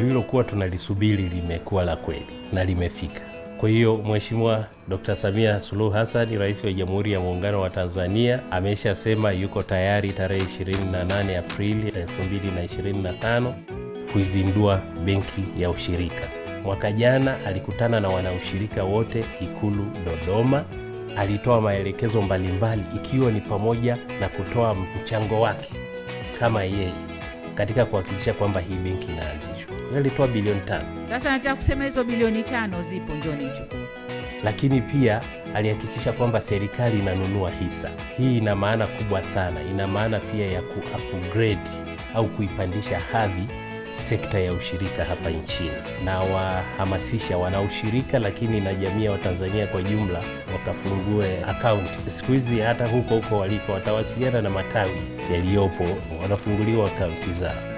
tulilokuwa tunalisubiri limekuwa la kweli na limefika. Kwa hiyo Mheshimiwa Dkt. Samia Suluhu Hassan, Rais wa Jamhuri ya Muungano wa Tanzania, ameshasema yuko tayari tarehe 28 Aprili 2025 kuizindua benki ya ushirika. Mwaka jana alikutana na wanaushirika wote Ikulu Dodoma, alitoa maelekezo mbalimbali, ikiwa ni pamoja na kutoa mchango wake kama yeye katika kuhakikisha kwamba hii benki inaanzishwa. Alitoa bilioni tano. Sasa nataka kusema hizo bilioni tano zipo, njoni chukua. Lakini pia alihakikisha kwamba serikali inanunua hisa. Hii ina maana kubwa sana, ina maana pia ya ku upgrade au kuipandisha hadhi sekta ya ushirika hapa nchini na wahamasisha wanaushirika, lakini na jamii ya Watanzania kwa jumla wakafungue akaunti. Siku hizi hata huko huko waliko watawasiliana na matawi yaliyopo, wanafunguliwa akaunti zao.